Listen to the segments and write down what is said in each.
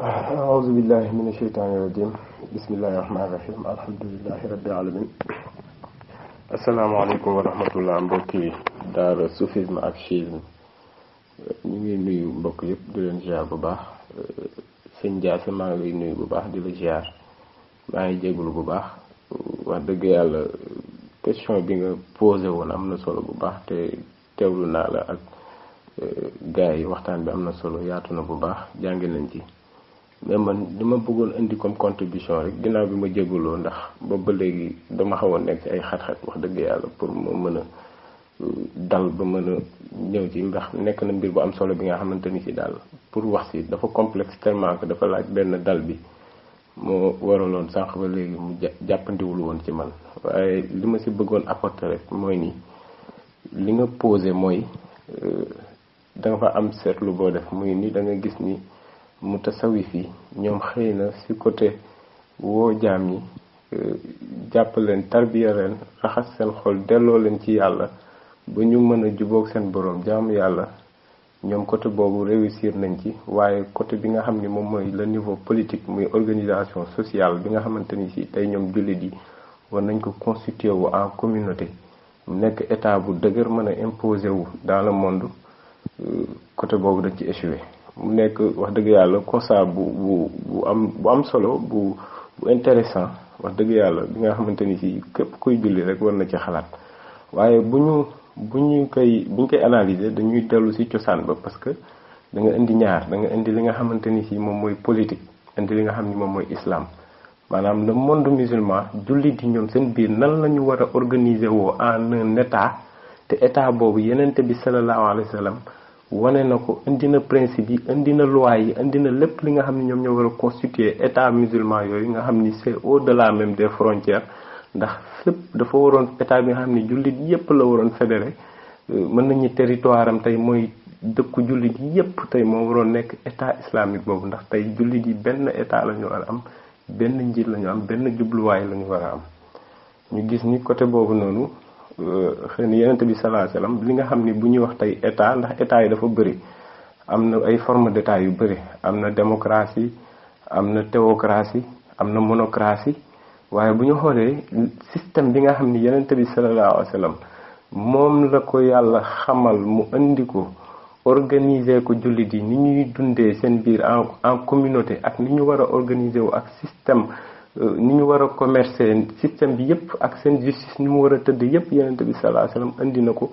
أعوذ بالله من الشيطان الرجيم بسم الله الرحمن الرحيم الحمد لله رب العالمين asalaamaaleykum mbokki daara soufisme ak chiisme ñu ngi nuyu mbokk yëpp di leen ziar bu baax sëñ Dia sa maa ngi nuyu bu baax di la ziar maa ngi jégalu bu baax wax dëgg yàlla question bi nga posé woon am na solo bu baax te teewlu naa la ak eh, gars yi waxtaan bi am na solo yaatu na bu baax jàngi nañ ci. mais man ma bëggoon indi comme contribution rek ginnaaw bi ma jégaloo ndax ba ba léegi dama xaw a nekk ay xat-xat wax dëgg yàlla pour moo mën a euh, dal ba mën a ñëw ci ndax nekk na mbir bu am solo bi nga xamante ni ci daal pour wax si dafa complexe tellement dafa laaj benn dal bi moo waraloon sànq ba léegi mu jàppandiwul woon ci man waaye li ma ci bëggoon apporter rek mooy nii li nga posé mooy euh, da nga fa am seetlu boo def muy nii da nga gis nii mutasawif yi ñoom xëy na si côté woo jaam yi euh, jàpp leen tarbiya leen raxas seen xol delloo leen ci yàlla ba ñu mën a jubook seen boroom jaamu yàlla ñoom côté boobu réussir nañ ci waaye côté bi nga xam ni moom mooy le niveau politique muy organisation sociale bi nga xamante ni si tey ñoom jullit yi war nañ ko constituer wu en communauté mu nekk état bu dëgër mën a imposer wu dans le monde euh, côté boobu dañ ci échoué. mu nekk wax dëgg yàlla constat bu bu bu am bu am solo bu bu intéressant wax dëgg yàlla bi nga xamante ni ci képp kuy julli rek war na ci xalaat waaye bu ñu bu ñu koy bu ñu koy analyser dañuy dellu ci cosaan ba parce que da nga indi ñaar da nga indi li nga xamante ni ci moom mooy politique indi li nga xam ni moom mooy islaam maanaam le monde musulman jullit yi ñoom seen biir nan la ñu war a organiser woo en un te état boobu yenente bi sallallahu alayhi wane na ko indi na principe yi indi na loi yi indi na lépp li nga xam ne ñoom ñoo war a constituer état musulman yooyu nga xam ni c'est au-delà même des frontières ndax fépp dafa waroon état bi nga xam ni jullit yépp la waroon fédéré euh, mën nañu territoire am tey mooy dëkku jullit yépp tey moo waroon nekk état islamique boobu ndax tey jullit yi benn état la ñu war a am benn njiit la ñu am benn jubluwaay la ñu war a am ñu gis ni côté boobu noonu Euh, xëy na yonente bi li nga xam ni bu ñuy wax tey état ndax état yi dafa bëri am na ay forme d'état yu bëri am na démocratie am na théocratie am na monocratie waaye bu ñu xoolee système bi nga xam ni yonente bi sallallahu alayhi moom la ko yàlla xamal mu indi ko organiser ko julli yi ni ñuy dundee seen biir en en communauté ak ni ñu war a organiser wu ak système Euh, ni ñu war a commercer système bi yépp ak seen justice ni mu war a tëdd yépp yonent bi salaa sallam andi na ko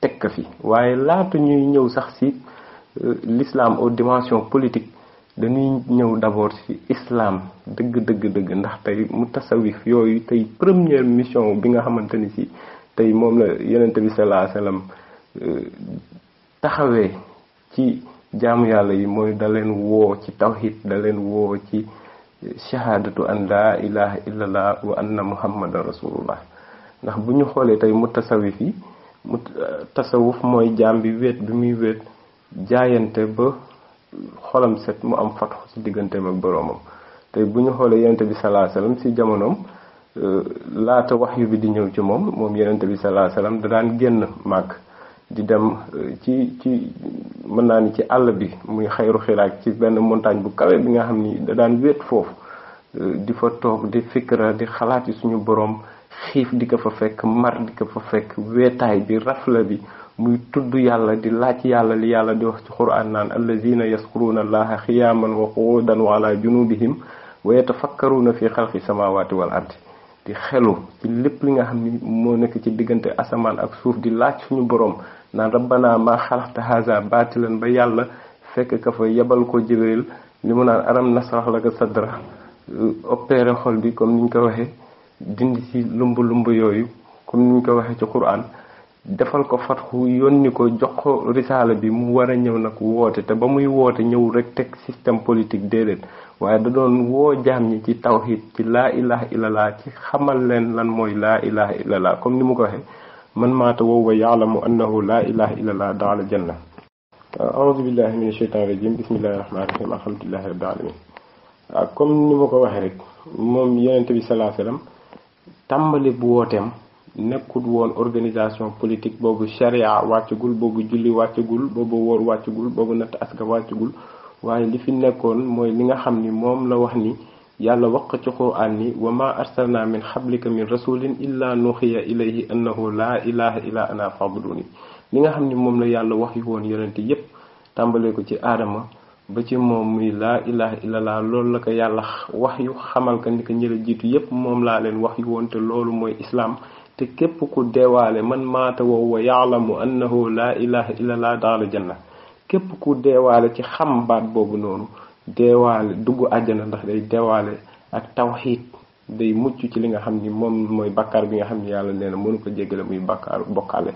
teg fi waaye laatu ñuy ñëw sax si euh, l'islam aux dimension politique dañuy ñëw abord si islam dëgg dëgg dëgg ndax tey mu tasawif yooyu tey première mission bi nga xamante ni si tey moom la yonent bi salaa sallam euh, taxawee ci jaamu yàlla yi mooy da leen woo ci tawhid da leen woo ci shahaadatu an laa ilaha illallah wa anna muhammadan rasulullah ndax bu ñu xoolee tey mu tasawif yi mu eh, tasawuf mooy jaam bi wéet bi muy wéet jaayante ba xolam set mu am fatxu ci digganteem ak boroomam tey bu ñu xoolee yonente bi salaa salaam ci jamonoom eh, laata wax yu bi di ñëw ci moom moom yonente bi salaa salaam da daan génn màgg di dem euh, ci ci mën naa ni ci àll bi muy xayru xilaak ci benn montagne bu kawe bi nga xam ni da daan wéet foofu euh, di fa toog di fikra di xalaat suñu boroom xiif di ko fa fekk mar di ko fa fekk weetaay bi rafla bi muy tudd yàlla di laaj yàlla li yàlla di wax ci quraan naan allazina yaskuruuna allaha xiyaaman wa quudan wa ala junubihim wa yatafakkaruuna fi xalqi samawati wal ardi di xelu ci lépp li nga xam ni moo nekk ci diggante asamaan ak suuf di laaj suñu boroom naan rabbana ma xalaqta haza baatilan ba yàlla fekk ka fa yebal ko jibril li mu naan aram nasrax la ko sadra euh, opéré xol bi comme ni ñu ko waxee dindi ci lumb lumb yooyu comme ni ñu ko waxee ci quran defal ko fatxu yónni ko jox ko risaala bi mu war a ñëw nag woote te ba muy woote ñëw rek teg système politique déedéet waaye da doon woo jaam ñi ci tawxid ci laa ilaha illallah ci xamal leen lan mooy laa ilaha illallah comme ni mu ko waxee man maata wowwa yaalamu annahu laa ilaha illallah daxala janna aouzu billahi min asheytan rajim bismillahi rahmani rahim alhamdulilahi rabbil alamin waaw ah, comme ni ma ko waxee rek moom yonente bi salaa sallam tàmbali bu wooteem nekkul woon organisation politique boobu charia wàccagul boobu julli wàccagul boobu wóor wàccagul boobu natt aska wàccagul waaye li fi nekkoon mooy li nga xam ni moom la wax ni يالا وقت تقو أني وما أرسلنا من حبلك من رسول إلا نوخي إليه أنه لا إله إلا أنا فابدوني لنا هم نموم لا يالا وحي هون يرنتي يب تنبليكو تي آدم بچي موم لا إله إلا لا لول لك وحي خمال كن نيكا نيرا يب موم لا لين وحي هون تي لول موي إسلام تي كيب كو ديوالي من مات وهو يعلم أنه لا إله إلا لا دال جنة كيب كو ديوالي تي خمبات بوب نونو deewaale dugg àjjana ndax day deewaale ak tawxiid day mucc ci li nga xam ni moom mooy bakkaar bi nga xam ni yàlla nee na mënu ko jéggale muy bakkaar bokkaale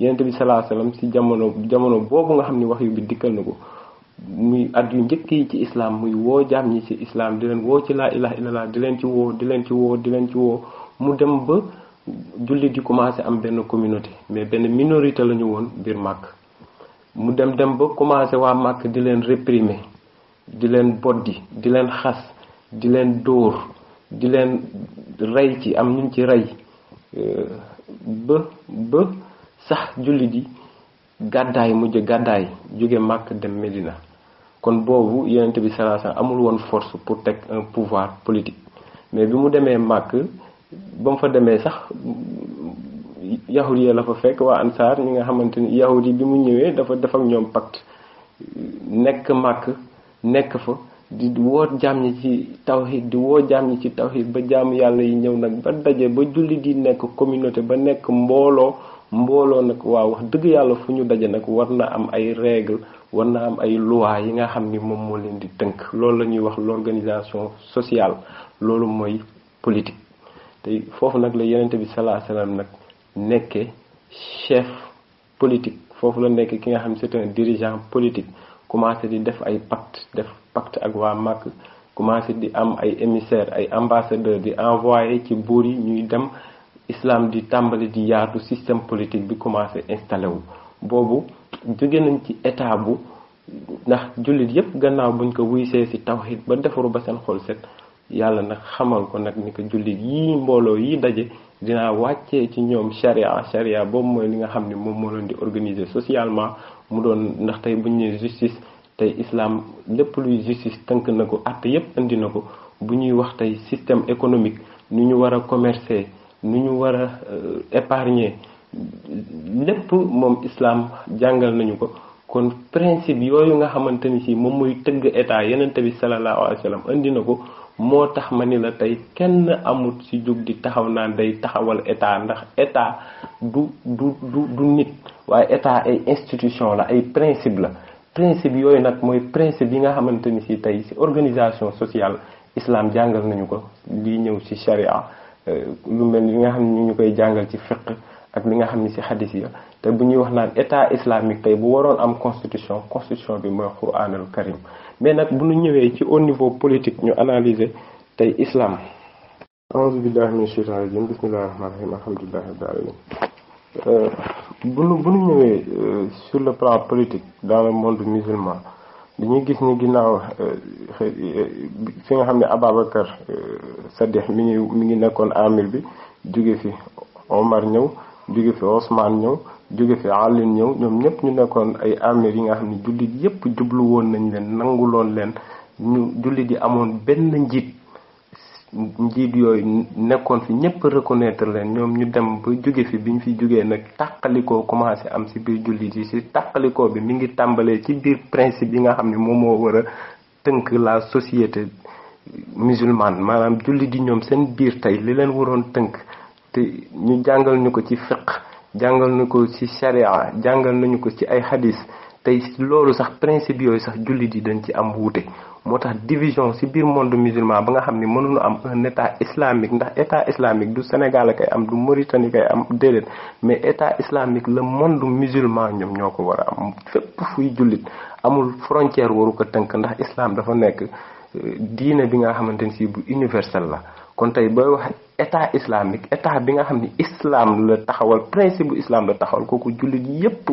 yonent bi salaa salaam si jamono jamono boobu nga xam ni wax yu bi dikkal na ko muy at yu njëkk yi ci islaam muy woo jaam ñi ci islaam di leen woo ci laa ilaha illallah di leen ci woo di leen ci woo di leen ci woo mu dem ba jullit yi commencé am benn communauté mais benn minorité la ñu woon biir màkk mu dem dem ba commencé waa màkk di leen réprimer di leen boddi di leen xas di leen dóor di leen rey ci am ñu ci rey euh, ba ba sax julli di gàddaay mujj gàddaay jóge màkk dem medina kon boobu yonente bi salaa amul woon force pour teg un pouvoir politique mais bi mu demee màkk ba mu fa demee sax yahud ya la fa fekk waa ansar ñi nga xamante ni yahud yi bi mu ñëwee dafa def ak ñoom pacte nekk màkk nekk fa di woo jaam ñi ci tawhid di woo jaam ñi ci tawhid ba jaamu yàlla yi ñëw nag ba daje ba julli di nekk communauté ba nekk mbooloo mbooloo nag waaw wax dëgg yàlla fu ñu daje nag war na am ay règle war na am ay loi yi nga xam ni moom moo leen di tënk loolu la ñuy wax l'organisation sociale loolu mooy politique te foofu nag la yenente bi salaa salaam nag nekkee chef politique foofu la nekk ki nga xam c'est un dirigeant politique commencé di def ay pacte def pacte ak wa mak commencé di am ay émissaire ay ambassadeur di envoyer ci bour yi ñuy dem islam di tambali di yaatu système politique bi commencé installé wu boobu jóge nañ ci état bu ndax jullit yépp gannaaw buñ ko wuysee si tawxid ba defaru ba seen xol set yàlla nag xamal ko nag ni ko jullit yii mbooloo yi daje dinaa wàccee ci ñoom sharia sharia boobu mooy li nga xam ne moom moo leen di organiser socialement mu doon ndax tey buñ ne nee justice tey islam lépp luy justice tënk na ko àtte yépp indi na ko bu ñuy wax tey système économique nu ñu war a commercer nu ñu war a euh, épargner lépp moom islam jàngal nañu ko kon principe yooyu nga xamante ni si moom mooy tëgg état yeneen bi sallallahu alayhi wa indi na ko moo tax ma ni la tey kenn amut ci jóg di taxaw naan day taxawal état ndax état du du du du nit waaye état ay institution la ay principe la principe yooyu nag mooy principe yi nga xamante ni ci tey ci organisation sociale islam jàngal nañu ko li ñëw ci sharia euh, lu mel li nga xam ne ñu koy jàngal ci fiqh ak li nga xam ne ci xadis ya te bu ñuy wax naan état islamique tey bu waroon am constitution constitution bi mooy al karim mais nag bu ñu ñëwee ci au niveau politique ñu analyser tey islam aouzu billahi min shaytan rajim bismillahi rahmani rahim alhamdulillahi rabbil alamin euh, bu ñu bu ñu ñëwee euh, sur le plan politique dans le monde musulman dañuy gis ni ginnaaw euh, fi nga xam ne Ababacar Saddex mi ngi mi ngi nekkoon amir bi jóge fi Omar ñëw jóge fi Ousmane ñëw joge fi àllin ñew ñom ñep ñu nekkon ay armée yi nga xamni ne jullit yépp jublu won nañ leen nanguloon leen ñu jullit yi amoon benn njit njit yooyu nekkoon fi ñëpp reconnaître leen ñoom ñu dem ba jóge fi biñ fi jógee nag tàqalikoo commencé am si biir jullit yi si tàqalikoo bi mi ngi tàmbalee ci biir principe yi nga xam ne moom moo war a tënk la société musulmane maanaam jullit yi ñoom seen biir tey li leen waroon tënk te ñu jàngal ñu ko ci fiqh Jangan nu ko ci sharia jangal nañu ko ci ay hadis tay lolu sax principe yoy sax julli di dañ ci am wuté motax division ci bir monde musulman ba nga xamni ne am un état islamique ndax état islamique du sénégal kay am du mauritanie kay am déedéet mais état islamique le monde musulman ñom ñoko wara am fepp fuy jullit amul frontière waru ko tënk ndax islam dafa nek. Euh, diine bi nga xamanteni si bu universel la kon tay boy wax état islamique état bi nga xam ni islam la taxawal principe bu islam la taxawal kooku jullit yépp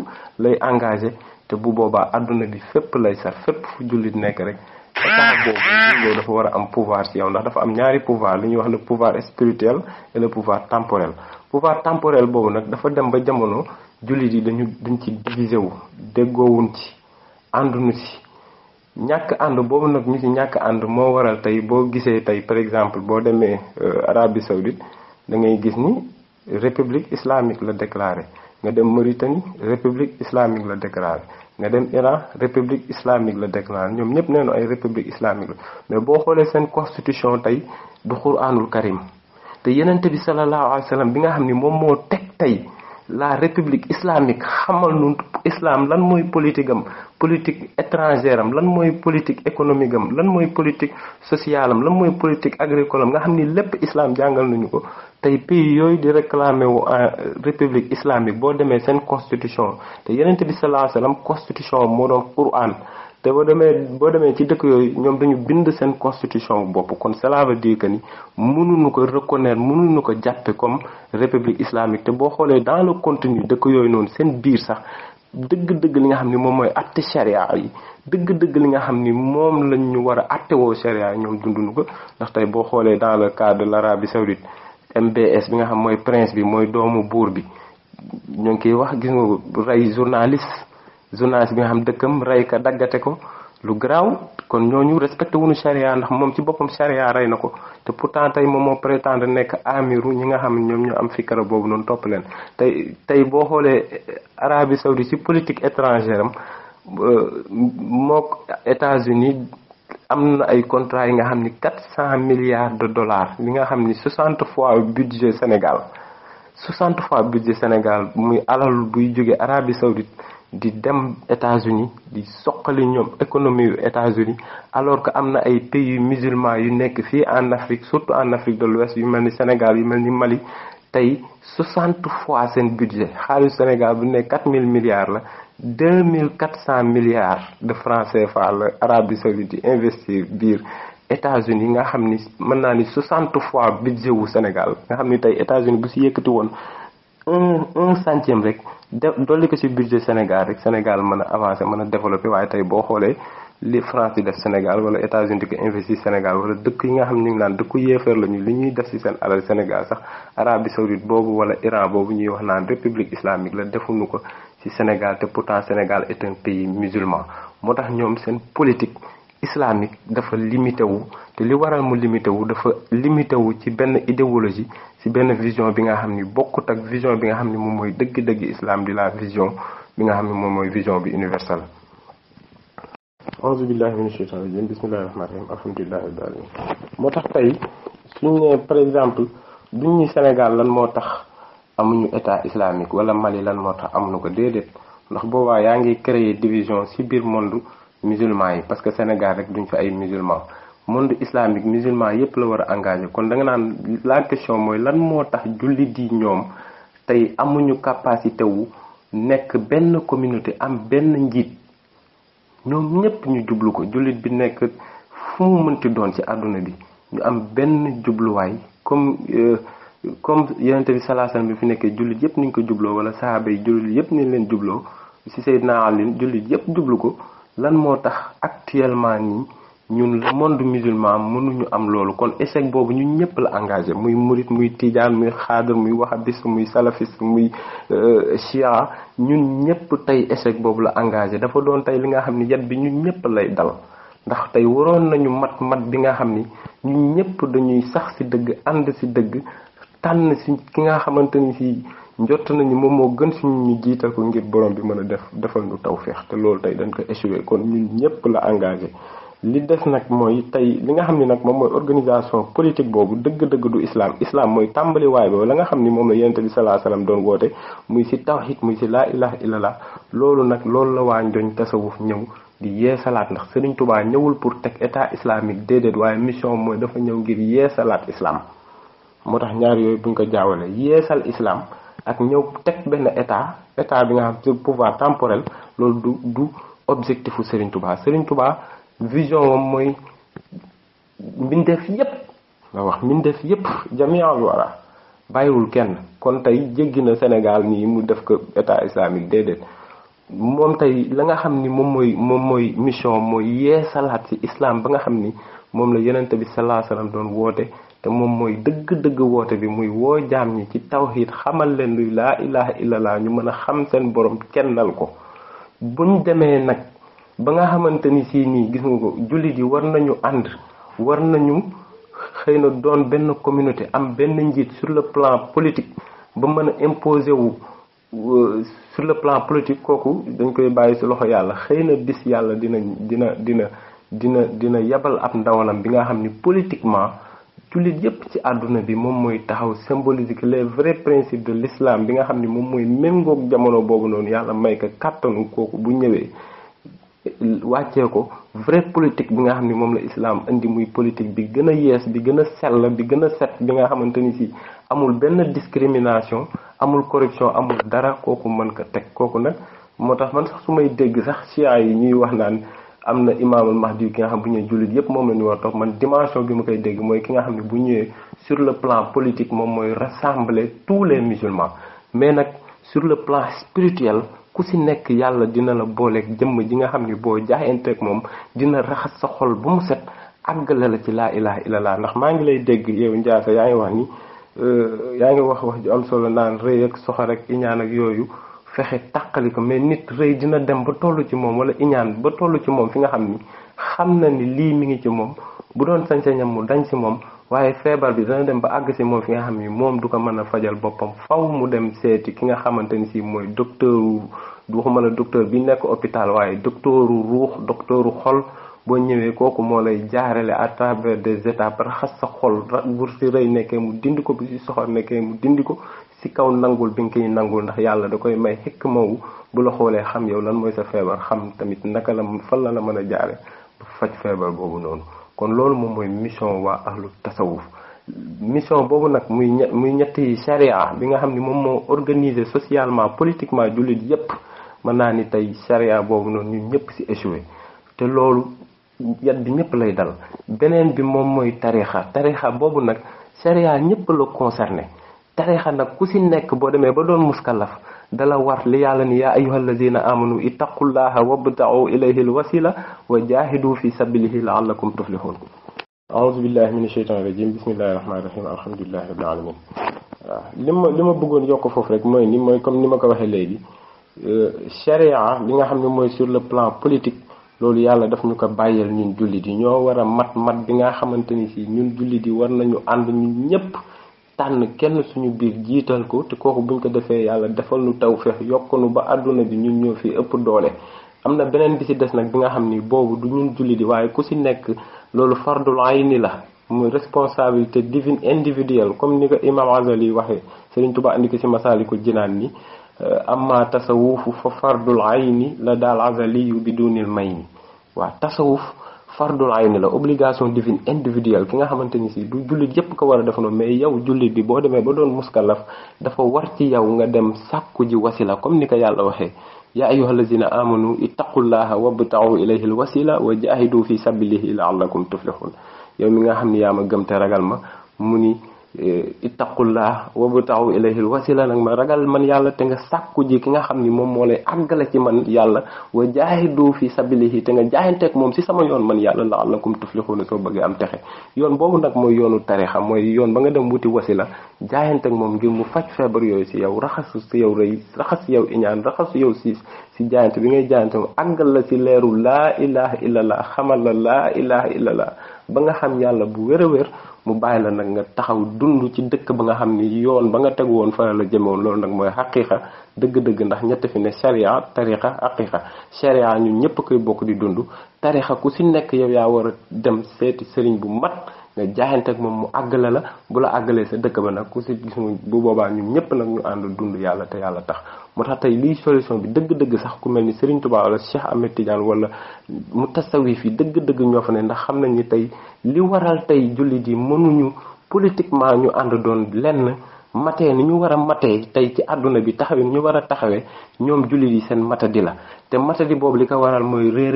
lay engagé te bu boobaa àdduna bi fépp lay sar fépp fu jullit nekk rek état ah, boobu yow ah. dafa war a am pouvoir ci yow ndax dafa am ñaari pouvoir li ñuy wax le pouvoir spirituel et le pouvoir temporel pouvoir temporel boobu nag dafa dem ba jamono jullit yi dañu dañ ci divisé wu déggoowuñ ci ànduñu ci ñàkk ànd boobu nag ñu ci ñàkk ànd moo waral tey boo gisee tey par exemple boo demee euh, Arabie Saoudite da ngay gis ni république islamique la déclaré nga dem Mauritanie république islamique la déclaré nga dem Iran république islamique la déclaré ñoom ñëpp nee na ay république islamique la mais boo xoolee seen constitution tey du Qur'anul Karim te yenente bi sallallahu alayhi wa bi nga xam ni moom moo teg tey la république islamique xamal nu islaam lan mooy politique am politique étrangère am lan mooy politique économique am lan mooy politique sociale am lan mooy politique agricole am nga xam ni lépp islaam jàngal nañu ko tey pays yooyu di réclamer wu en euh, république islamique boo demee seen constitution te yenente bi sallallahu alayhi wasallam constitution moo doon Qur'an te boo demee boo demee ci dëkk yooyu ñoom dañu bind seen constitution bopp kon cela veut dire que ni mënuñu ko reconnaître ñu ko jàppe comme république islamique te boo xoolee dans le dëkk yooyu noonu seen biir sax dëgg-dëgg li nga xam ni moom mooy atte sharia yi dëgg-dëgg li nga xam ni moom lañ ñu war a attewoo sharia ñoom dunduñu ko ndax boo xoolee dans le cas de l'Arabie saoudite MBS bi nga xam mooy prince bi mooy doomu buur bi ñoo ngi koy wax gis nga rey journaliste journaliste bi nga xam dëkkam rey ka daggate ko lu graw kon ñooñu respecté wuñu sharia ndax moom ci boppam sharia ray na ko te pourtant tey moom moo prétendre nekk amiru ñi nga xam ñoom ñu am kara boobu noonu topp leen tey tey boo xoolee eh, arabie saoudi ci politique étrangère am euh, états unis am na ay contrat yi nga xam ni 400 milliards de dollars li nga xam ni 60 fois budget sénégal 60 fois budget sénégal muy alal buy jóge arabie saoudite di dem États-Unis di soqali ñoom yu États-Unis alors que am na ay pays musulmans yu nekk en Afrique surtout en Afrique de l'Ouest yu mel Sénégal yu mel ni Mali tey 60 fois seen budget le Sénégal bu ne 4000 milliards la 400 milliards de francs CFA la Arabie Saoudite investi investir biir États-Unis nga xam ni 60 naa ni budget wu Sénégal nga xam ni tey États-Unis bu si yëkkati un un centième rek de dolli ko ci budget Sénégal rek Sénégal mën a avancé mën a développer waaye tey boo xoolee li France di def Sénégal wala États-Unis di ko investir Sénégal wala dëkk yi nga xam ni ñu ngi naan dëkku yéefar lañu li ñuy def ci seen alal Sénégal sax Arabie Saoudite boobu wala Iran boobu ñuy wax naan république islamique la defuñu ko ci Sénégal te pourtant Sénégal est un pays musulman moo tax ñoom seen politique. islamique dafa limité wu te li waral mu limité wu dafa limité wu ci benn idéologie ci benn vision bi nga xam ni bokkut ak vision bi nga xam ni moom mooy dëgg-dëgg islam di la vision bi nga xam ni moom mooy vision bi universelle aousubillahi mina sheytan rajim bismillahi rahmani rahim alhamdulillahi rabbil alamin moo tax tey suñu ne par exemple duñ ñu Sénégal lan moo tax amuñu état islamique walla Mali lan moo tax amuñu ko déedéet ndax boobaa yaa ngi créer division ci biir monde musulman yi parce que Sénégal rek duñ fi ay musulman monde islamique musulman yépp la war a engagé kon da nga naan la question mooy lan moo tax jullit yi ñoom tey amuñu capacité nekk benn communauté am benn njiit ñoom ñépp ñu jublu ko jullit bi nekk fu mu mënti doon ci àdduna bi ñu am benn jubluwaay comme euh, comme yonent bi salaasan bi fi nekkee jullit yépp niñ ko jubloo wala sahaaba yi jullit yépp niñ leen jubloo ci Seydina Ali jullit yépp jublu ko lan moo tax actuellement nii ñun monde musulman mënuñu am loolu kon échec boobu ñu ñëpp la engagé muy murit muy tijaan muy xaadir muy wahabiste muy salafiste muy chia euh, ñun ñëpp tey échec boobu la engagé dafa doon tey li nga xam ni yat bi ñu ñëpp lay dal ndax tey waroon nañu mat mat bi nga xam ni ñu ñëpp dañuy sax ci dëgg ànd ci dëgg tànn ci nga xamante ci njott nañu moom moo gën si ñu jiital ko ngir borom bi mën a def defal ñu tawféex te loolu tey dañ ko échoué kon ñun ñëpp la engagé li des nag mooy tey li nga xam ne nag moom mooy organisation politique boobu dëgg-dëgg du islaam islaam mooy tàmbaliwaay boobu la nga xam ni moom la yonent bi salaa salaam doon woote muy si tawhid muy si laa ilaha illallah loolu nag loolu la waa njoñ tasawuf ñëw di yeesalaat ndax Serigne Touba ñëwul pour teg état islamique waaye mission mooy dafa ñëw ngir yeesalaat islam moo tax ñaar yooyu buñ ko jaawale yeesal islam. ak ñëw teg benn état état bi nga xam ci pouvoir temporel loolu du du objectifu Serigne Touba Serigne Touba vision wam mooy mbindeef yépp nga wax mbindeef yépp jamial wara bàyyiwul kenn kon tey jéggi na Sénégal nii mu def ko état islamique déedéet moom tey la nga xam ni moom mooy moom mooy mission mooy yee salaat ci islam ba nga xam ni moom la yonente bi salaa salaam doon woote te moom mooy dëgg-dëgg woote bi muy woo jaam ñi ci tawxiid xamal leen luy laa ilaha illallah ñu mën a xam seen borom kennal ko buñ demee nag ba nga xamante ni sii nii gis nga ko jullit yi war nañu ànd war nañu xëy na doon benn communauté am benn njiit sur le plan politique ba mën a imposer wu euh, sur le plan politique kooku dañ koy bàyyi ci loxo yàlla xëy na bis yàlla dina dina dina dina dina yebal ab ndawalam bi nga xam ni politiquement jullit yépp ci aduna bi mom moy taxaw symbolique que les vrais principes de l'islam bi nga xamni mom moy même méngoog jamono bobu non yalla may ko kàttanu koku bu ñëwee wacce ko vrai politique bi nga xamni mom la islam andi muy politique bi gëna yes yees bi gëna a sell bi gëna set bi nga xamanteni ci amul ben discrimination amul corruption amul dara koku man ko tek koku nag motax man sax sumay dégg sax ci ay ñuy wax naan am na imaamul mahdi ki nga xam bu ñuy jullit yépp moom la ñu war a topp man dimension bi ma koy dégg mooy ki xam ne bu ñëwee sur le plan politique moom mooy rassembler tous les musulmans mais nag sur le plan spirituel ku si nekk yàlla dina la booleek jëmm ji nga xam ni boo jaayanteeg moom dina raxas sa xol bu mu set àggale la ci laa ilaha illallah ndax maa ngi lay dégg yow Ndiassa yaa ngi wax ni euh, yaa ngi wax wax ju am solo naan rëy ak soxor ak iñaan ak yooyu fexé tàqali ko mais nit rëy dina dem ba tollu ci mom wala iñaan ba tollu ci mom fi nga xamni xamna ni li mi ngi ci mom bu doon sañ-sañam mu dañ ci mom waye febar bi dina dem ba ag ci mom fi nga xamni mom du ko fajal bopam faw mu dem séti ki nga xamanteni ci moy docteur du waxuma la docteur bi nek hôpital waye docteur ruh docteur xol bo ñëwee koku mo lay jaarale à travers des étapes par xass xol bu ci nekké mu dindiko bi ci soxor nekké mu dindiko ci kaw nangul bi nga koy nangul ndax yàlla da koy may xëkk mawu bu la xoolee xam yow lan mooy sa feebar xam tamit naka la fan la la mën a jaare ba faj feebar boobu noonu kon loolu moom mooy mission waa ahlu tasawuf mission boobu nag muy muy ñetti charia bi nga xam ni moom moo organisé socialement politiquement jullit yépp mën naa ni tey charia boobu noonu ñun ñëpp ci échoué te loolu yat bi ñëpp lay dal beneen bi moom mooy tarixa tarixa boobu nag charia ñëpp la concerné tarixa nag ku si nekk boo demee ba doon muskalaf dala war li yàlla ni yaa ayuha allazina amanu ittaqullaha wabtau ilayhi alwasila wa jahidu fi sabilihi laallakum tuflihun aouzu billahi min asheytan rajim bismillahi rahmani rahim alhamdulilahi rabbil alamin waaw li ma li ma bëggoon yokk foofu rek mooy ni mooy comme ni ma ko waxee léegi euh, sharia li nga xam ne mooy sur le plan politique loolu yàlla daf ñu ko bàyyeel ñun jullit yi ñoo war a mat mat bi nga xamante ni si ñun jullit yi war nañu ànd ñun tànn kenn suñu biir jiital ko te kooku buñ ko defee yàlla defal nu tawféex yokk nu ba àdduna bi ñun ñoo fi ëpp doole am na beneen bi ci des nag bi nga xam ni boobu du ñun julli di waaye ku ci nekk loolu fardul ayni la muy responsabilité divine individuelle comme ni ko imam Azali waxee Sëriñ Tuubaa andi ko ci Masaalikul Jinaan ni euh, amma tasawufu fa fardul ayni la daal Azali yu bi dunil may ni waa tasawuf fardul ayni la obligation divine individuelle ki nga xamante ni si du jullit yépp ko war a def noonu mais yow jullit bi boo demee ba doon muskalaf dafa war ci yow nga dem sàkku ji wasila comme ni ko yàlla waxee yaa ayyuha allazina amanu ittaqullaha wabtau ilayhi alwasila wa jahidu fi sabilihi laallakum tuflihun yow mi nga xam ne yaa ma gëm te ragal ma mu ni Eh, ittaqullah wabtaxu ilayhil wasila nag ma ragal man yàlla te nga sàkku ji ki nga xam ni moom moo lay àggale ci man yàlla wa jaahidu fi sabilihi te nga jaayanteeg moom si sama yoon man yàlla la'allakum tuflihuna soo bëggee am texe yoon boobu nag mooy yoonu tarixa mooy yoon ba nga dem wuti wasila jaayanteeg moom ngir mu faj feebar yooyu si yow raxas si yow rëy raxas yow iñaan raxas si yow siis si jaayante bi ngay jaayante mu la si leeru laa ilaha illallah xamal la laa ilaha illallah ba nga xam yàlla bu wér a wér mu bàyyi la nag nga taxaw dund ci dëkk ba nga xam ni yoon ba nga teg woon fa la jëmewoon loolu nag mooy xaqiiqa dëgg-dëgg ndax ñett fi ne sharia tariqa xaqiiqa sharia ñun ñëpp koy bokk di dund tariqa ku si nekk yow yaa war a dem seeti sëriñ bu mat nga jaayante ak moom mu àggale la bu la àggalee sa dëkk ba nag ku si gis bu boobaa ñun ñëpp nag ñu ànd dund yàlla te yàlla tax moo tax tey lii solution bi dëgg-dëgg sax ku mel ni Serigne Touba wala Cheikh Ahmed Tidiane wala mu tasawif yi dëgg-dëgg ñoo fa ne ndax xam nañ ni tey li waral tey julli yi mënuñu politiquement ñu ànd doon lenn matee ni ñu war a matee tey ci àdduna bi taxawee ni ñu war a taxawee ñoom julli yi seen matadi la te matadi boobu li ko waral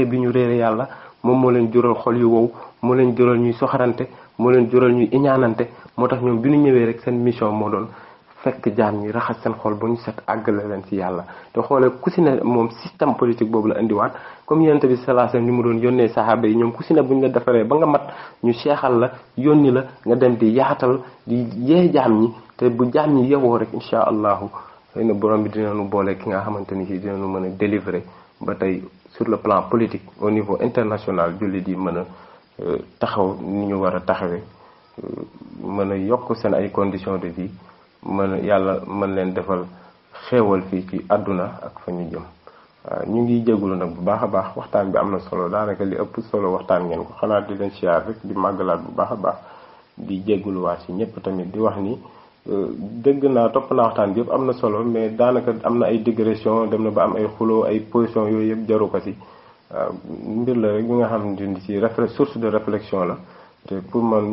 bi ñu réere yàlla moom moo leen jural xol yu wow moo leen jural ñuy soxarante moo leen jural ñuy iñaanante moo tax ñoom bi ñu ñëwee rek seen mission moo doon fekk jaam ñi raxas seen xol ba ñu set àggale leen ci yàlla te xoolee ku si ne moom système politique boobu la indiwaat comme yonent bi sallallahu alayhi mu doon yónnee saxaaba yi ñoom ku si ne bu ñu la defaree ba nga mat ñu seexal la yónni la nga dem di yaatal di yee jaam ñi te bu jaam ñi yewoo rek incha allahu xëy na borom bi dinañu boole ki nga xamante ni si dinañu mën a délivrer ba tey sur le plan politique au niveau international jullit yi mën a euh, taxaw ni ñu war a taxawee euh, mën a yokk seen ay conditions de vie mën a yàlla mën leen defal xewal fii ci àdduna ak fa ñu jëm waaw ñu ngi jégalu nag bu baax a baax waxtaan bi am na solo daanaka li ëpp solo waxtaan ngeen ko xanaa di leen siyaar rek di màggalaat bu baax a baax di jégaluwaat yi ñëpp tamit di wax nii Euh, dégg naa topp naa waxtaan bi yëpp am na solo mais daanaka am na ay digression dem na ba am ay xuloo ay position yooyu yëpp jaru ko ci waaw euh, mbir la rek bi nga xam ne ci refle source de réflexion la te pour man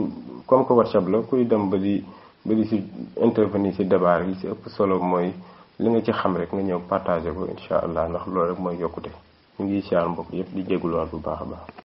comme que WhatsApp la kuy dem ba di ba di si intervenir si débat yi si ëpp solo mooy li nga ci xam rek nga ñëw partagé ko incha allah ndax loolu rek mooy yokkute ñu ngi siyaar mbokk yëpp di jégaluwaat bu baax a baax.